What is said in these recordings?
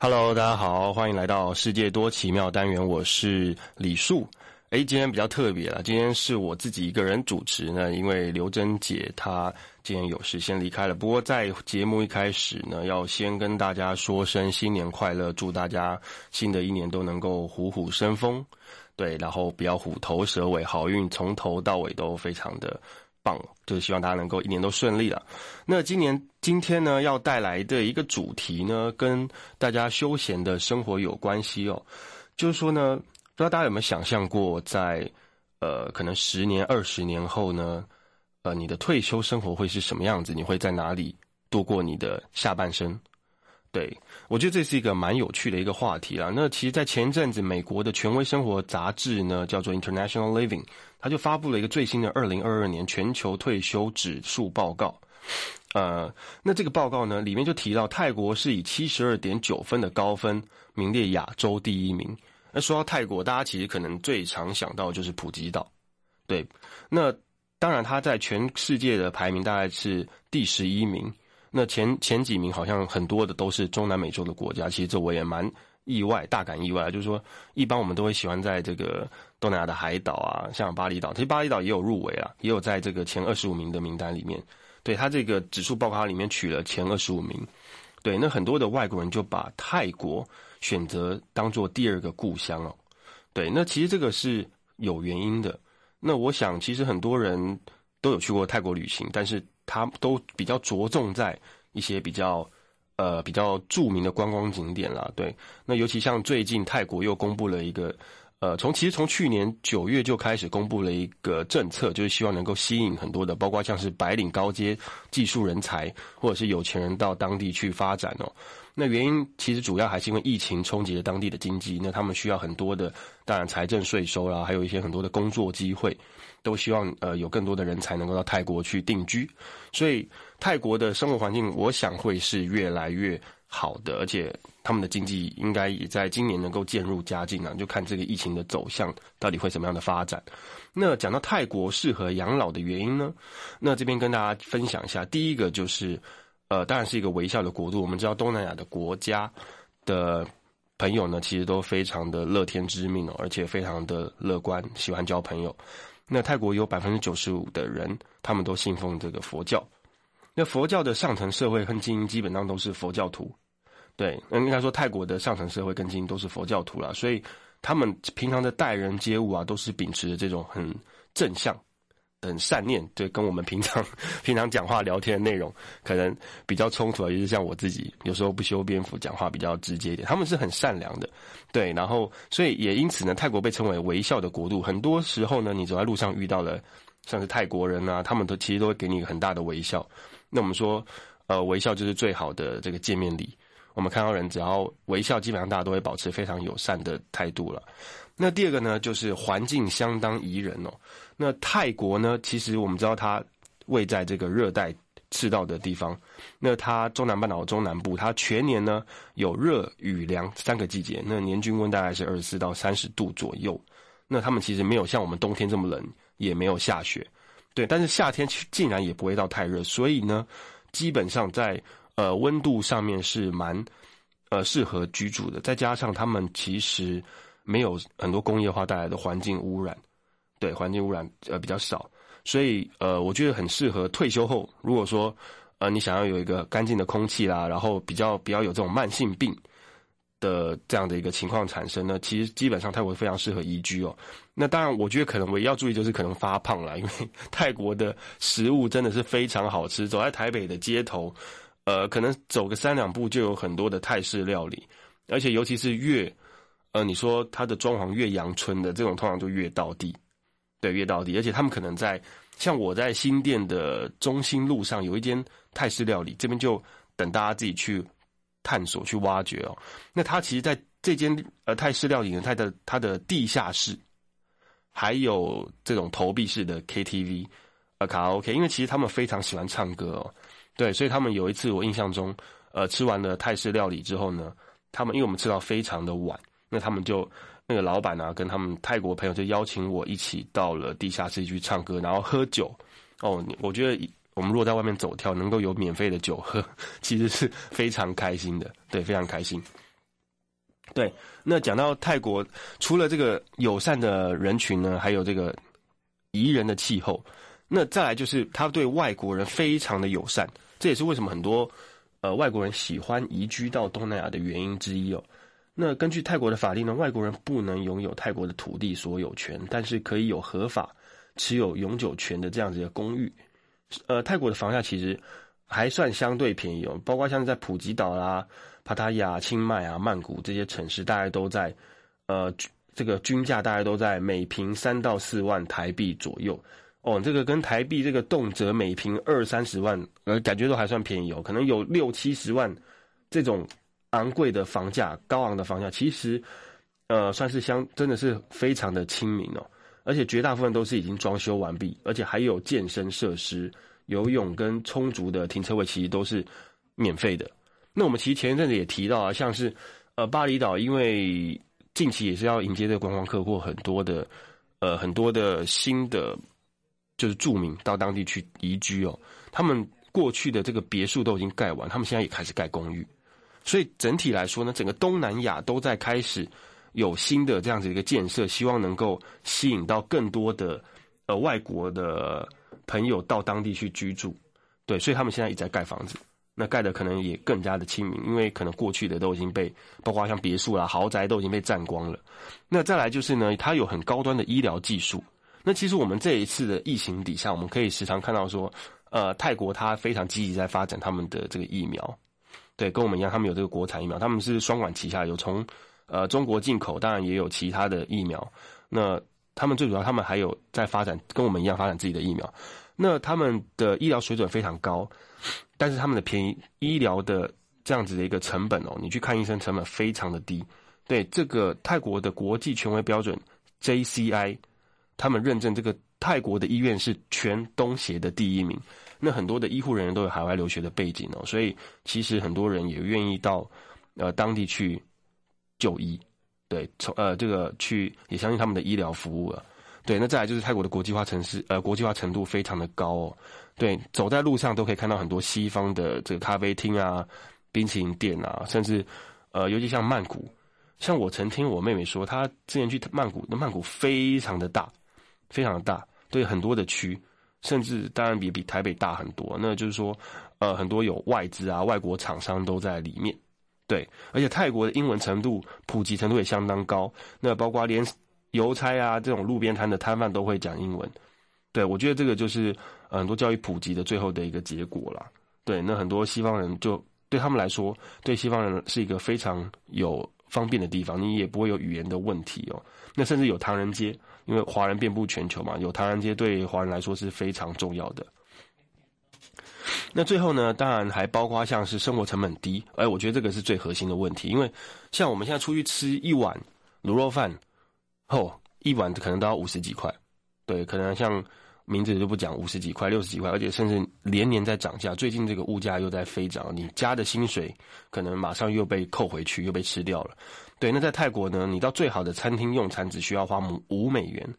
Hello，大家好，歡迎來到世界多奇妙單元，我是李澍。誒，今天比較特別啦，今天是我自己一個人主持呢，因為劉楨姐她今天有事先離開了。不過在節目一開始呢，要先跟大家說聲新年快樂，祝大家新的一年都能夠虎虎生風，對，然後不要虎頭蛇尾，好運從頭到尾都非常的。棒，就是希望大家能夠一年都順利了。那今年今天呢，要帶來的一個主題呢，跟大家休閒的生活有關係哦。就是說呢，不知道大家有沒有想象過在，在呃，可能十年、二十年後呢，呃，你的退休生活會是什麼樣子？你會在哪裡度過你的下半生？對，我覺得這是一個蠻有趣的一個話題啊。那其實，在前一陣子，美國的權威生活雜誌呢，叫做《International Living》，它就發佈了一個最新的二零二二年全球退休指數報告。呃，那這個報告呢，裡面就提到泰國是以七十二點九分的高分名列亞洲第一名。那說到泰國，大家其實可能最常想到的就是普吉島。對，那當然，它在全世界的排名大概是第十一名。那前前幾名好像很多的都是中南美洲的國家，其實這我也蠻意外，大感意外。就是說，一般我們都會喜歡在這個東南亞的海島啊，像巴厘島，其實巴厘島也有入圍啊，也有在這個前二十五名的名單裡面。對，它這個指數報告，它裡面取了前二十五名。對，那很多的外國人就把泰國選擇當做第二個故鄉哦。對，那其實這個是有原因的。那我想，其實很多人都有去過泰國旅行，但是。他都比較着重在一些比較呃比較著名的觀光景點啦。對。那尤其像最近泰國又公布了一個，呃，從其實從去年九月就開始公布了一個政策，就是希望能夠吸引很多的，包括像是白領、高階技術人才或者是有錢人到當地去發展哦、喔。那原因其實主要還是因為疫情衝擊了當地的經濟，那他們需要很多的，當然財政稅收啦，還有一些很多的工作機會。都希望呃有更多的人才能夠到泰國去定居，所以泰國的生活環境我想會是越來越好的，而且他們的經濟應該也在今年能夠漸入佳境啊。就看這個疫情的走向到底會什麼樣的發展。那講到泰國適合養老的原因呢，那這邊跟大家分享一下，第一個就是呃，當然是一個微笑的國度，我們知道東南亞的國家的朋友呢，其實都非常的樂天知命、哦，而且非常的樂觀，喜歡交朋友。那泰國有百分之九十五的人，他們都信奉這個佛教。那佛教的上層社會跟精英基本上都是佛教徒，對，應該說泰國的上層社會跟精英都是佛教徒了，所以他們平常的待人接物啊，都是秉持着這種很正向。很善念，對，跟我們平常平常講話聊天的內容可能比較衝突，就是像我自己有時候不修邊幅，講話比較直接一點。他們是很善良的，對，然後所以也因此呢，泰國被稱為微笑的國度。很多時候呢，你走在路上遇到了，像是泰國人啊，他們都其實都會給你很大的微笑。那我們說，呃，微笑就是最好的這個見面禮。我們看到人只要微笑，基本上大家都會保持非常友善的態度了。那第二個呢，就是環境相當宜人哦。那泰國呢，其實我們知道它位在這個熱帶赤道的地方。那它中南半島中南部，它全年呢，有熱、雨、涼三個季節。那年均溫大概是二十四到三十度左右。那他們其實沒有像我們冬天這麼冷，也沒有下雪。對，但是夏天竟然也不會到太熱，所以呢，基本上在。呃，溫度上面是蠻，呃，適合居住的。再加上他們其實沒有很多工業化帶來的環境污染。對，環境污染呃比較少，所以呃，我覺得很適合退休後。如果說呃你想要有一個乾淨的空氣啦，然後比較比較有這種慢性病的這樣的一個情況產生呢，其實基本上泰國非常適合宜居哦。那當然，我覺得可能唯一要注意就是可能發胖了，因為泰國的食物真的是非常好吃。走在台北的街頭。呃，可能走個三兩步就有很多的泰式料理，而且尤其是越，呃，你說它的裝潢越陽春的這種，通常就越道地，對，越道地。而且他們可能在，像我在新店的中心路上有一間泰式料理，這邊就等大家自己去探索、去挖掘哦、喔。那他其實在這間呃泰式料理呢，它的它的地下室，還有這種投幣式的 KTV，呃，卡拉 OK，因為其實他們非常喜歡唱歌哦、喔。對，所以他們有一次，我印象中，呃，吃完了泰式料理之後呢，他們因為我們吃到非常的晚，那他們就那個老闆啊，跟他們泰國朋友就邀請我一起到了地下室去唱歌，然後喝酒。哦，我覺得我們如果在外面走跳，能夠有免費的酒喝，其實是非常開心的。對，非常開心。對，那講到泰國，除了這個友善的人群呢，還有這個宜人的氣候。那再來就是，他對外國人非常的友善，這也是為什麼很多呃外國人喜歡移居到東南亞的原因之一哦、喔。那根據泰國的法律呢，外國人不能擁有泰國的土地所有權，但是可以有合法持有永久權的這樣子的公寓。呃，泰國的房價其實還算相對便宜哦、喔，包括像在普吉島啦、帕塔亞、清邁啊、曼谷這些城市，大概都在呃這個均價大概都在每平三到四萬台幣左右。哦，這個跟台幣這個動輒每平二三十萬，呃，感覺都還算便宜哦。可能有六七十萬這種昂貴的房價、高昂的房價，其實呃算是相真的是非常的親民哦。而且絕大部分都是已經裝修完畢，而且還有健身設施、游泳跟充足的停車位，其實都是免費的。那我們其實前一陣子也提到啊，像是呃巴厘島，因為近期也是要迎接的觀光客或很多的呃很多的新的。就是住民到當地去移居哦，他們過去的這個別墅都已經蓋完，他們現在也開始蓋公寓，所以整體來說呢，整個東南亞都在開始有新的這樣子一個建設，希望能夠吸引到更多的呃外國的朋友到當地去居住。對，所以他們現在也在蓋房子，那蓋的可能也更加的親民，因為可能過去的都已經被包括像別墅啦、豪宅都已經被佔光了。那再來就是呢，它有很高端的醫療技術。那其實我們這一次的疫情底下，我們可以時常看到說，呃，泰國它非常積極在發展他們的這個疫苗，對，跟我們一樣，他們有這個國產疫苗，他們是雙管齊下，有從呃中國進口，當然也有其他的疫苗。那他們最主要，他們還有在發展，跟我們一樣發展自己的疫苗。那他們的醫療水準非常高，但是他們的便宜醫療的這樣子的一個成本哦，你去看醫生成本非常的低。對，這個泰國的國際權威標準 JCI。他們認證這個泰國的醫院是全東協的第一名，那很多的醫護人員都有海外留學的背景哦，所以其實很多人也願意到，呃，當地去就醫，對，從呃這個去也相信他們的醫療服務了、啊，對，那再來就是泰國的國際化城市，呃，國際化程度非常的高哦。對，走在路上都可以看到很多西方的這個咖啡廳啊、冰淇淋店啊，甚至，呃，尤其像曼谷，像我曾聽我妹妹說，她之前去曼谷，那曼谷非常的大。非常大，對，很多的區，甚至當然比比台北大很多。那就是說，呃，很多有外資啊、外國廠商都在裡面，對。而且泰國的英文程度普及程度也相當高，那包括連郵差啊這種路邊攤的攤販都會講英文。對，我覺得這個就是，呃，很多教育普及的最後的一個結果了。對，那很多西方人就對他們來說，對西方人是一個非常有。方便的地方，你也不會有語言的問題哦。那甚至有唐人街，因為華人遍布全球嘛，有唐人街對華人來說是非常重要的。那最後呢，當然還包括像是生活成本低，哎，我覺得這個是最核心的問題，因為像我們現在出去吃一碗滷肉飯，嚯，一碗可能都要五十幾塊，對，可能像。名字就不講，五十幾塊、六十幾塊，而且甚至連年在漲價。最近這個物價又在飛漲，你加的薪水可能馬上又被扣回去，又被吃掉了。對，那在泰國呢，你到最好的餐廳用餐只需要花五美元，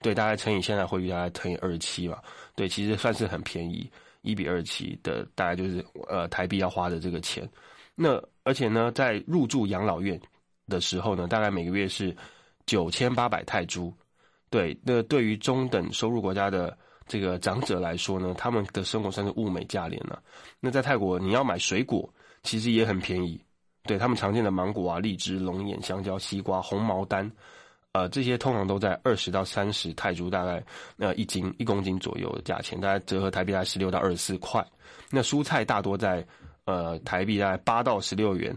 對，大概乘以現在匯率大概乘以二十七吧，對，其實算是很便宜，一比二十七的大概就是呃台幣要花的這個錢。那而且呢，在入住養老院的時候呢，大概每個月是九千八百泰銖。對，那對於中等收入國家的這個長者來說呢，他們的生活算是物美價廉了、啊。那在泰國，你要買水果，其實也很便宜。對，他們常見的芒果啊、荔枝、龍眼、香蕉、西瓜、紅毛丹，呃，這些通常都在二十到三十泰銖，大概那一、呃、斤、一公斤左右的價錢，大概折合台幣在十六到二十四塊。那蔬菜大多在呃台幣在八到十六元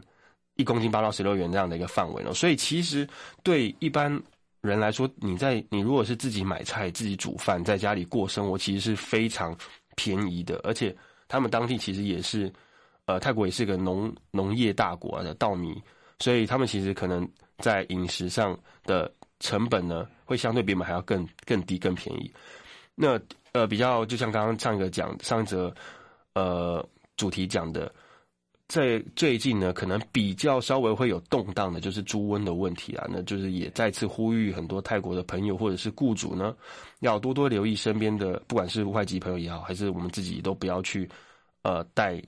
一公斤，八到十六元這樣的一個範圍了、哦。所以其實對一般人來說，你在你如果是自己買菜，自己煮飯，在家裡過生活，其實是非常便宜的。而且他們當地其實也是，呃，泰國也是個農農業大國、啊、的稻米，所以他們其實可能在飲食上的成本呢，會相對比我們還要更更低、更便宜。那呃，比較就像剛剛上一個講上一則呃主題講的。在最近呢，可能比較稍微會有動盪的，就是豬瘟的問題啊。那就是也再次呼籲很多泰國的朋友或者是僱主呢，要多多留意身邊的，不管是外籍朋友也好，還是我們自己，都不要去，呃，帶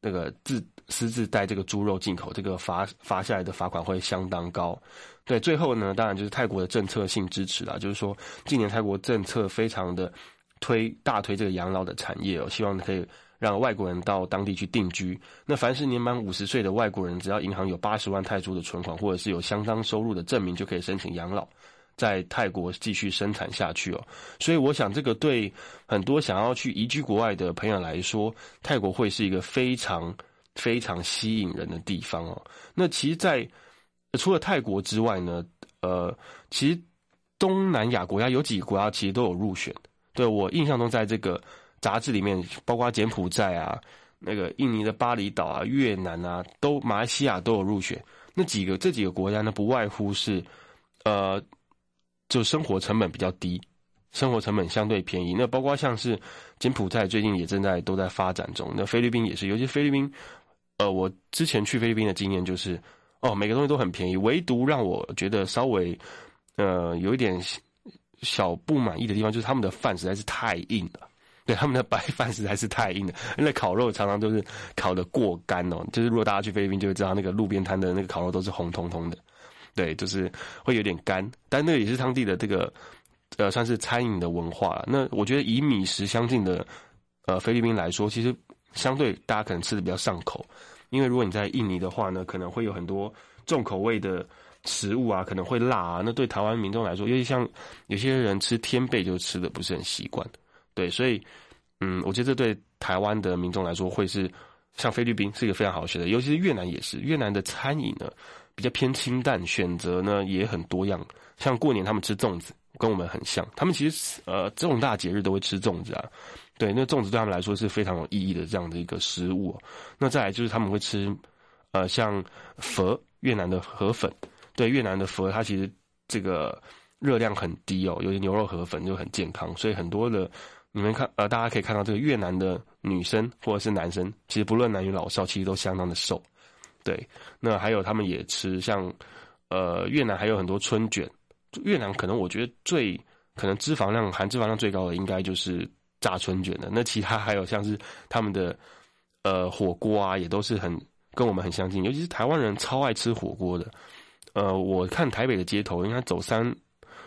那個自私自帶這個豬肉進口，這個罰罰下來的罰款會相當高。對，最後呢，當然就是泰國的政策性支持啦，就是說近年泰國政策非常的推，大推這個養老的產業喔，我希望你可以。讓外國人到當地去定居。那凡是年滿五十歲的外國人，只要銀行有八十萬泰銖的存款，或者是有相當收入的證明，就可以申請養老，在泰國繼續生產下去哦。所以，我想這個對很多想要去移居國外的朋友來說，泰國會是一個非常非常吸引人的地方哦。那其實在，在，呃，除了泰國之外呢，呃，其實東南亞國家有幾個國家其實都有入選。對，我印象中，在這個。雜誌裡面，包括柬埔寨啊，那個印尼的巴厘島啊、越南啊，都馬來西亞都有入選。那幾個這幾個國家呢，不外乎是，呃，就生活成本比較低，生活成本相對便宜。那包括像是柬埔寨，最近也正在都在發展中。那菲律賓也是，尤其菲律賓，呃，我之前去菲律賓的經驗就是，哦，每個東西都很便宜，唯獨讓我覺得稍微呃有一點小不滿意的地方，就是他們的飯實在是太硬了。對他們的白飯實在是太硬了，因為烤肉常常都是烤的過乾哦、喔。就是如果大家去菲律賓，就會知道那個路邊攤的那個烤肉都是紅彤彤的，對，就是會有點乾，但那個也是當地的這個呃，算是餐飲的文化。那我覺得以米食相近的呃菲律賓來說，其實相對大家可能吃的比較上口，因為如果你在印尼的話呢，可能會有很多重口味的食物啊，可能會辣啊。那對台灣民眾來說，尤其像有些人吃天貝就吃的不是很習慣。對，所以，嗯，我覺得這對台灣的民眾來說，會是像菲律賓是一個非常好學的，尤其是越南也是。越南的餐飲呢比較偏清淡，選擇呢也很多樣。像過年他們吃粽子，跟我們很像。他們其實呃重大節日都會吃粽子啊，對，那粽子對他們來說是非常有意義的這樣的一個食物哦。那再來就是他們會吃呃像河越南的河粉，對越南的河，它其實這個熱量很低哦，尤其牛肉河粉就很健康，所以很多的。你們看，呃，大家可以看到這個越南的女生或者是男生，其實不論男女老少，其實都相當的瘦。對，那還有他們也吃像，呃，越南還有很多春卷。越南可能我覺得最可能脂肪量含脂肪量最高的，應該就是炸春卷的。那其他還有像是他們的呃火鍋啊，也都是很跟我們很相近。尤其是台灣人超愛吃火鍋的。呃，我看台北的街頭，應該走三。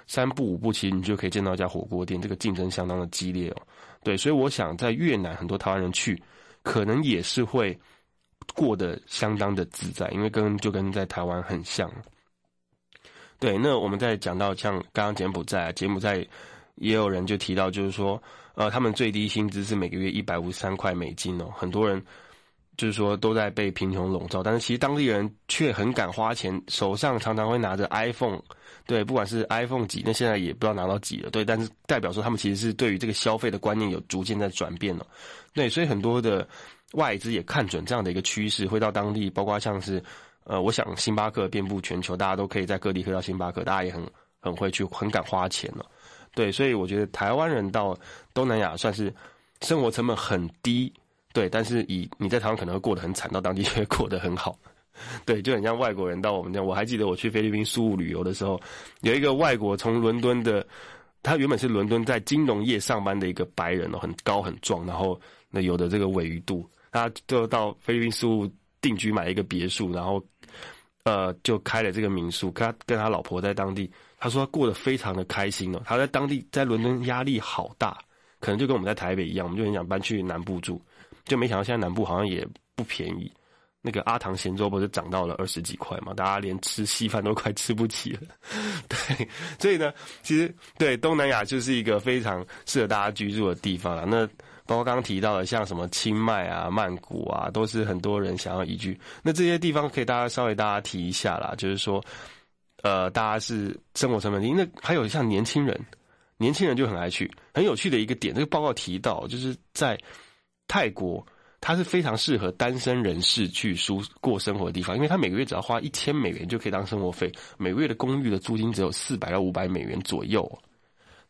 三步五步，其實你就可以見到一家火鍋店，這個競爭相當的激烈哦。對，所以我想在越南很多台灣人去，可能也是會過得相當的自在，因為跟就跟在台灣很像。對，那我們再講到像剛剛柬埔寨啊，柬埔寨也有人就提到，就是說，呃，他們最低薪資是每個月一百五十三塊美金哦，很多人就是說都在被貧窮籠罩，但是其實當地人卻很敢花錢，手上常常會拿着 iPhone。對，不管是 iPhone 幾，那現在也不知道拿到幾了。對，但是代表說他們其實是對於這個消費的觀念有逐漸在轉變了。對，所以很多的外資也看準這樣的一個趨勢，會到當地。包括像是，呃，我想星巴克遍布全球，大家都可以在各地喝到星巴克，大家也很很會去，很敢花錢了。對，所以我覺得台灣人到東南亞算是生活成本很低。對，但是以你在台灣可能會過得很慘，到當地就會過得很好。對，就很像外國人到我們這樣。我還記得我去菲律賓宿霧旅遊的時候，有一個外國從倫敦的，他原本是倫敦在金融業上班的一個白人哦，很高很壯，然後那有的這個鮪魚肚，他就到菲律賓宿霧定居買了一個別墅，然後呃就開了這個民宿，跟他跟他老婆在當地，他說他過得非常的開心哦。他在當地在倫敦壓力好大，可能就跟我們在台北一樣，我們就很想搬去南部住，就沒想到現在南部好像也不便宜。那個阿唐鹹粥不是漲到了二十幾塊嘛？大家連吃稀飯都快吃不起了。 對，所以呢，其實對東南亞就是一個非常適合大家居住的地方了。那包括剛剛提到的，像什麼清邁啊、曼谷啊，都是很多人想要移居。那這些地方可以大家稍微大家提一下啦，就是說，呃，大家是生活成本低。那還有像年輕人，年輕人就很愛去，很有趣的一個點。這個報告提到，就是在泰國。它是非常適合單身人士去過生活的地方，因為它每個月只要花一千美元就可以當生活費，每個月的公寓的租金只有四百到五百美元左右。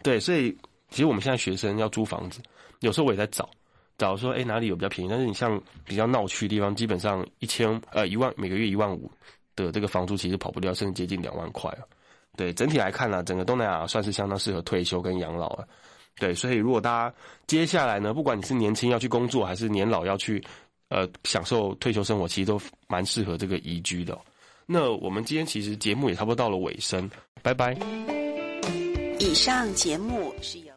對，所以其實我們現在學生要租房子，有時候我也在找，找說哎，哪裡有比較便宜，但是你像比較鬧區的地方，基本上一千呃一萬每個月一萬五的這個房租其實跑不掉，甚至接近兩萬塊啊。對，整體來看呢，整個東南亞算是相當適合退休跟養老了。對，所以如果大家接下來呢，不管你是年輕要去工作，還是年老要去，呃，享受退休生活，其實都蠻適合這個宜居的哦。那我們今天其實節目也差不多到了尾聲，拜拜。以上節目是由。